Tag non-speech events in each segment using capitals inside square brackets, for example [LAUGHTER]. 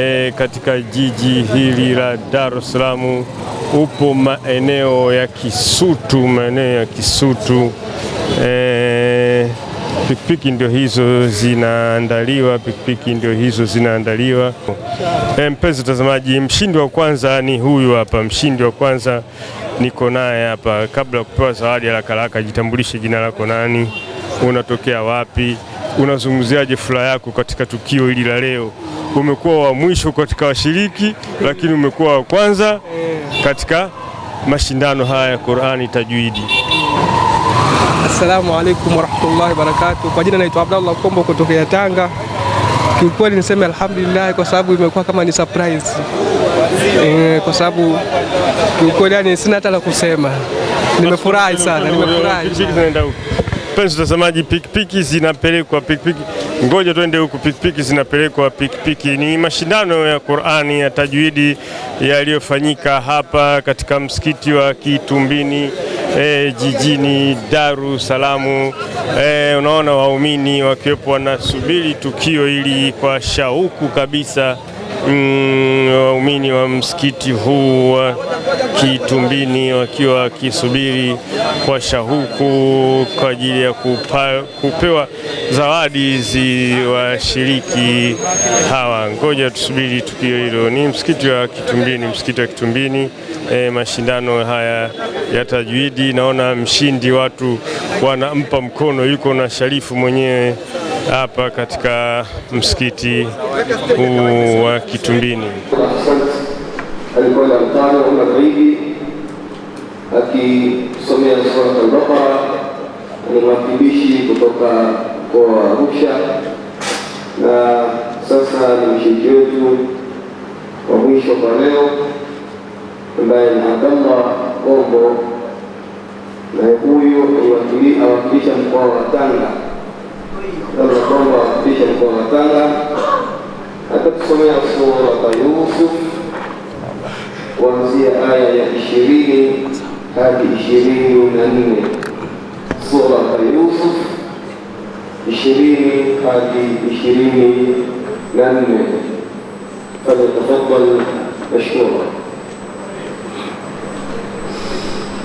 E, katika jiji hili la Dar es Salaam upo maeneo ya Kisutu, maeneo ya Kisutu e, pikipiki ndio hizo zinaandaliwa, pikipiki ndio hizo zinaandaliwa. E, mpenzi mtazamaji, mshindi wa kwanza ni huyu hapa, mshindi wa kwanza niko naye hapa. Kabla ya kupewa zawadi, haraka haraka, jitambulishe, jina lako nani, unatokea wapi, unazungumziaje furaha yako katika tukio hili la leo? umekuwa wa mwisho katika washiriki, lakini umekuwa wa kwanza katika mashindano haya ya Qur'ani tajwidi. Assalamu alaikum warahmatullahi wabarakatuh. Kwa jina naitwa Abdallah Kombo kutokea Tanga. Kiukweli niseme alhamdulillah, kwa sababu imekuwa kama ni surprise e, kwa sababu kiukweli yani sina hata la kusema. Nimefurahi sana, nimefurahi. Mpenzi mtazamaji, pikipiki zinapelekwa pikipiki ngoja twende huku, pikipiki zinapelekwa pikipiki. Ni mashindano ya Qur'ani ya tajwidi yaliyofanyika hapa katika msikiti wa Kitumbini e, jijini Daru Salamu. E, eh, unaona waumini wakiwepo wanasubiri tukio hili kwa shauku kabisa. Mm, waumini mm, wa msikiti huu wa Kitumbini wakiwa wakisubiri kwa shauku kwa ajili ya kupa, kupewa zawadi zi washiriki hawa. Ngoja tusubiri tukio hilo. Ni msikiti wa Kitumbini, msikiti wa Kitumbini. E, mashindano haya ya tajwidi, naona mshindi watu wanampa mkono, yuko na Sharifu mwenyewe hapa katika msikiti huu wa Kitumbini. Alikuwa na mtano wa magharibi akisomea sura al-Baqara, ni mwakilishi kutoka mkoa wa Arusha, na sasa ni mshiriki wetu wa mwisho kwa leo ambaye ni Abdallah Kombo, na huyu awakilisha mkoa wa Tanga. Mzazi wa Kongo apitisha mkoa wa Tanga atatusomea sura ya Yusuf kuanzia aya ya ishirini hadi ishirini na nne Sura ya Yusuf ishirini hadi ishirini na nne Falyatafaddal mashkura.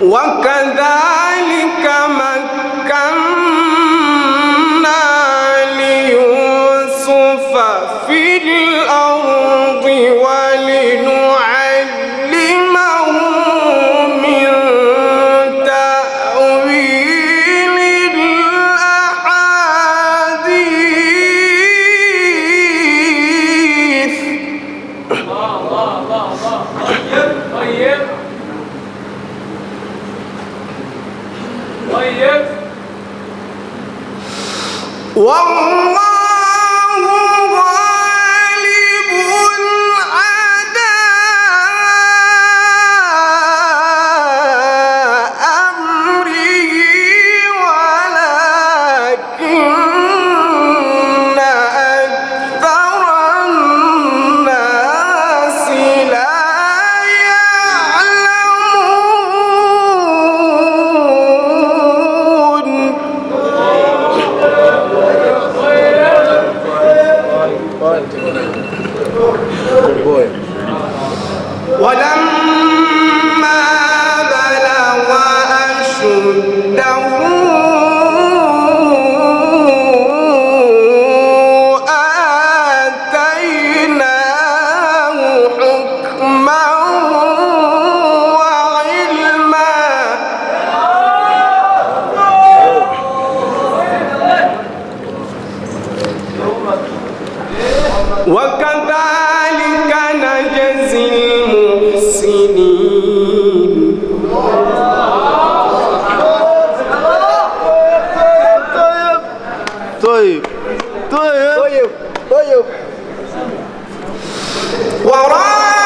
وكذلك من 我。tô aí. Tô aí. É? Tô eu. Tô eu. Tô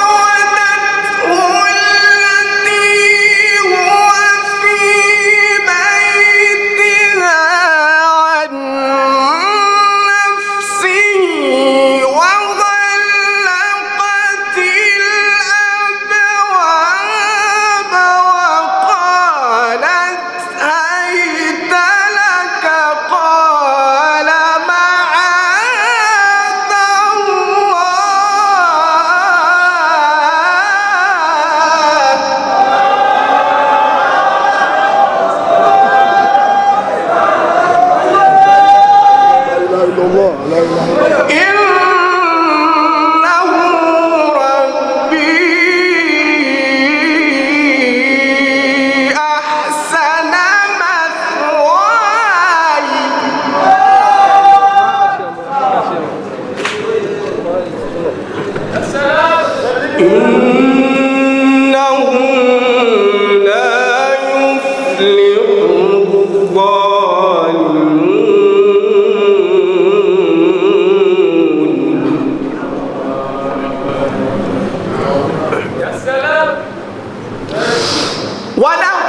Wala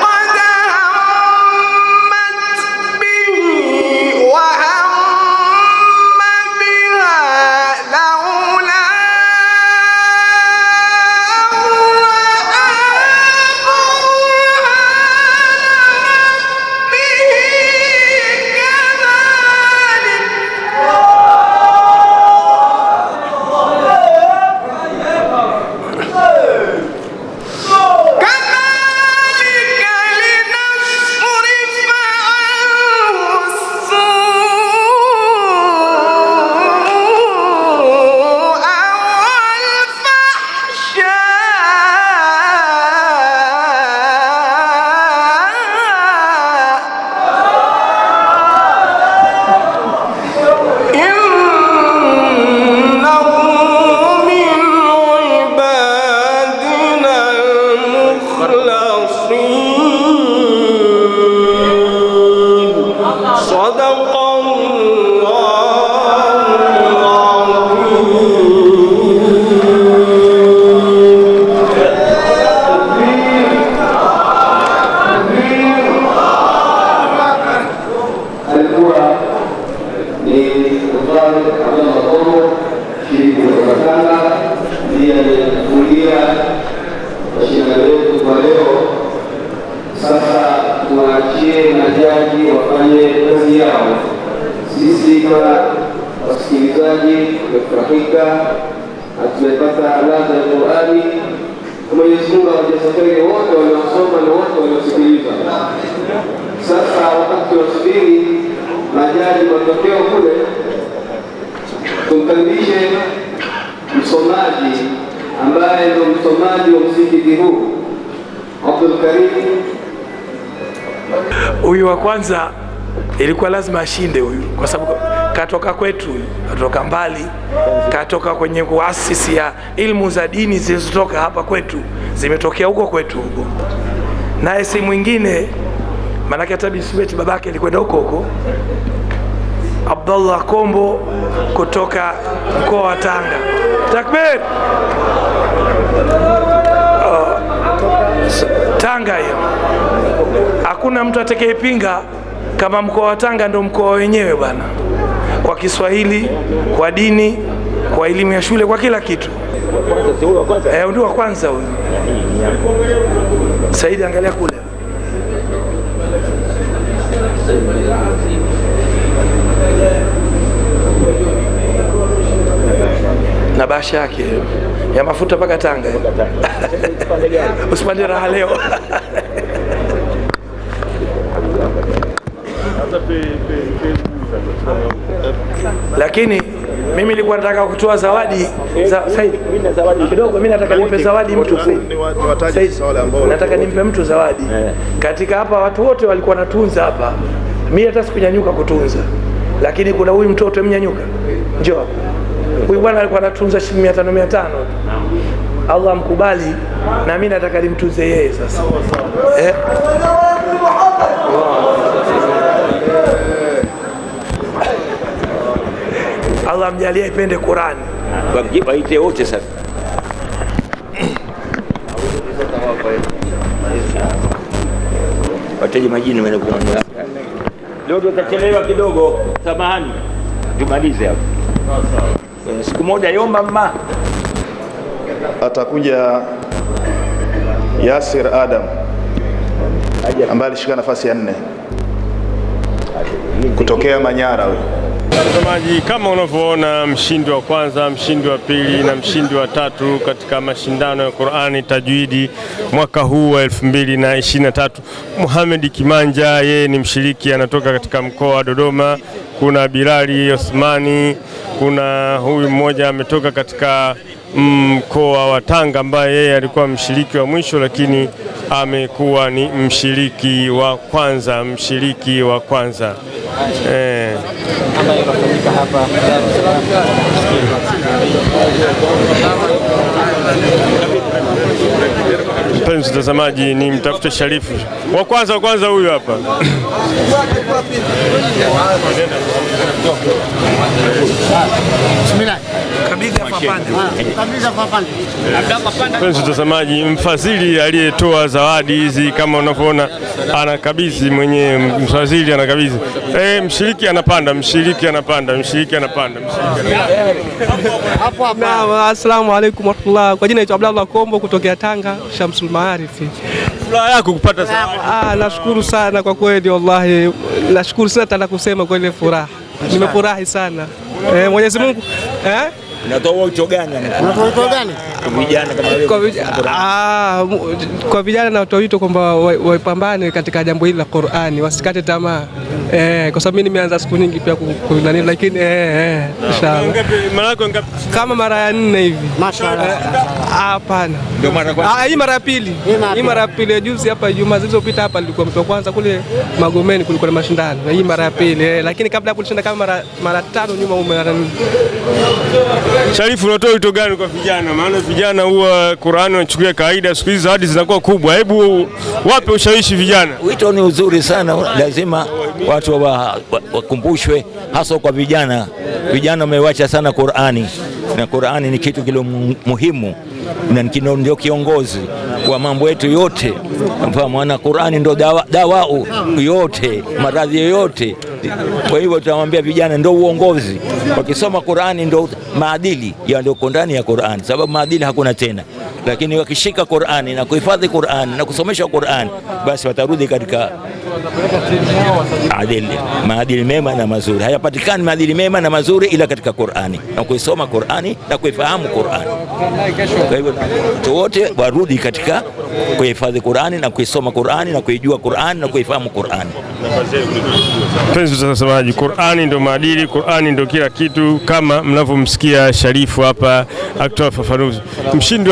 majaji wafanye kazi yao. Sisi kama wasikilizaji tumefurahika na tumepata ladha ya Qur'ani. Mwenyezi Mungu wote waliosoma na wote waliosikiliza. Sasa wakati wasubiri majaji matokeo kule, tumkaribishe msomaji ambaye ndo msomaji wa msikiti huu Abdul Karim Huyu wa kwanza ilikuwa lazima ashinde huyu, kwa sababu katoka kwetu, katoka mbali, katoka kwenye kuasisi ya ilmu za dini zilizotoka hapa kwetu, zimetokea huko kwetu huko. Naye si mwingine maanake hata Bisuweti babake alikwenda huko huko, Abdullah Kombo kutoka mkoa wa Tanga. Takbir! Oh, Tanga hiyo hakuna mtu atakayepinga kama mkoa wa Tanga ndio mkoa wenyewe bwana, kwa Kiswahili, kwa dini, kwa elimu ya shule, kwa kila kitu. Eh, ndio wa kwanza huyu Saidi, angalia kule na bahasha yake ya mafuta mpaka Tanga, [LAUGHS] usipande raha leo [LAUGHS] lakini mimi nilikuwa nataka kutoa zawadi eh, zawadi kidogo. Mimi nataka nimpe zawadi mtu, nataka nimpe mtu zawadi eh. katika hapa. Watu wote walikuwa natunza hapa, mimi hata sikunyanyuka kutunza, lakini kuna huyu mtoto mnyanyuka, njoo huyu bwana alikuwa anatunza shilingi mia tano mia tano. Allah mkubali, na mimi nataka nimtunze yeye sasa eh? Allah mjalie ipende Qurani, waite wote sasa. Wateja majini leo tutachelewa kidogo, samahani, tumalize hapo eh, siku moja. Yomba mama atakuja Yasir Adam ambaye alishika nafasi ya nne kutokea Manyara huyo. Mtazamaji, kama unavyoona mshindi wa kwanza, mshindi wa pili na mshindi wa tatu katika mashindano ya Qur'ani tajwidi mwaka huu wa 2023 Muhammad Kimanja, yeye ni mshiriki anatoka katika mkoa wa Dodoma. Kuna Bilali Osmani, kuna huyu mmoja ametoka katika mkoa wa Tanga ambaye yeye alikuwa mshiriki wa mwisho, lakini amekuwa ni mshiriki wa kwanza, mshiriki wa kwanza eh, ambayo inafanyika hapa Dar es Salaam. Mpenzi mtazamaji, ni mtafute Sharifu wa kwanza wa kwanza, huyu hapa [COUGHS] Bismillah Mpenzi mtazamaji, mfadhili aliyetoa zawadi hizi kama unavyoona anakabidhi mwenyewe, mfadhili anakabidhi. Eh, mshiriki anapanda, mshiriki anapanda, mshiriki anapanda. Naam, assalamu alaykum warahmatullah. Kwa jina naitwa Abdallah Kombo kutokea Tanga, Shamsul Maarif. Furaha yako kupata zawadi? Ah, ah nashukuru sana kwa kweli, wallahi nashukuru sana, tena kusema kwa ile furaha, nimefurahi sana eh, Mwenyezi Mungu eh Unatoa wito gani? Unatoa wito gani? Kwa vijana kama wewe. kwa ah, vijana Ah, na natoa wito kwamba wapambane katika jambo hili la Qur'ani, wasikate tamaa. Eh, kwa sababu mimi nimeanza siku nyingi pia kunani, lakini eh eh, inshallah. Mara ngapi? Kama mara ya nne hivi. Mashaallah. Eh, ah, hapana. Ndio mara kwa. Ah, hii mara ya pili. Hii mara ya pili juzi hapa Juma zilizopita hapa nilikuwa mtu wa kwanza kule Magomeni kulikuwa na mashindano. Na Hii mara ya pili. Eh, lakini kabla hapo nilishinda kama mara mara tano nyuma ume Sharifu, unatoa wito gani kwa vijana? Maana vijana huwa Qur'ani wanachukulia kawaida, siku hizi hadi zinakuwa kubwa. Hebu wape ushawishi vijana. Wito ni uzuri sana, lazima watu wakumbushwe wa, wa hasa kwa vijana. Vijana wamewacha sana Qur'ani, na Qur'ani ni kitu kilo muhimu na ndio kiongozi kwa mambo yetu yote, kwa maana Qur'ani ndio dawa, dawa yote maradhi yoyote wote. Kwa hivyo tunamwambia vijana, ndio uongozi, wakisoma Qurani ndio maadili yalioko ndani ya Qurani, sababu maadili hakuna tena, lakini wakishika Qurani na kuhifadhi Qurani na kusomesha Qurani, basi watarudi katika adili. Maadili mema na mazuri hayapatikani, maadili mema na mazuri ila katika Qurani na kuisoma Qurani na kuifahamu Qurani. Kwa hivyo wote warudi katika kuhifadhi Qurani na kuisoma Qurani na kuijua Qurani na kuifahamu Qurani yetu sasa, msemaji, Qur'ani ndio maadili, Qur'ani ndio kila kitu, kama mnavyomsikia Sharifu hapa akitoa fafanuzi mshindi